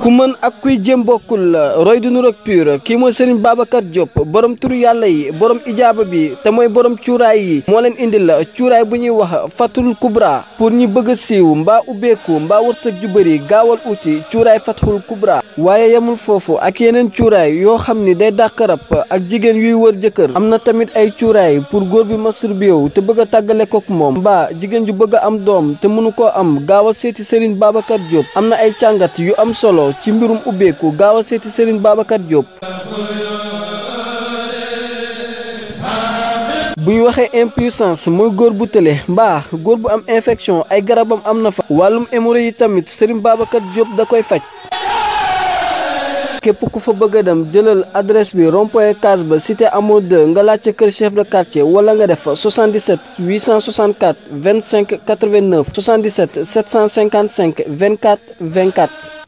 ku mën ak kuy jéem bokkul roy du nur ak pur kii mooy Serigne Babacar Diop borom turu yàlla yi borom ijaaba bi te mooy borom cuuraay yi moo leen indil cuuraay bu ñuy wax fatul kubra pour ñi bëgg a siiw mbaa ubbeeku mbaa wërsëg ju bëri gaawal uti cuuraay fatul kubra waaye yemul foofu ak yeneen cuuraay yoo xam ni day dàq ak jigéen yuy wër jëkkër am na tamit ay cuuraay pour góor bi masturbé wu te bëgg a tàggale kook moom mbaa jigéen ju bëgg a am doom te mënu koo am gaawal seeti Serigne Babacar Diop am na ay càngat yu am solo ci mbirum ubbeeku gaaw a seeti Serigne Babacar Diop. bu ñu waxee impuissance mooy góor bu tele mbaa góor bu am infection ay garabam am na fa wàllum hémorroïde yi tamit Serigne baabakat Diop da koy faj képp ku fa bëgg a dem jëlal adresse bi rond-point Case ba cité Amo 2 nga laajte kër chef de quartier wala nga def 77 864 25 89 77 755 24 24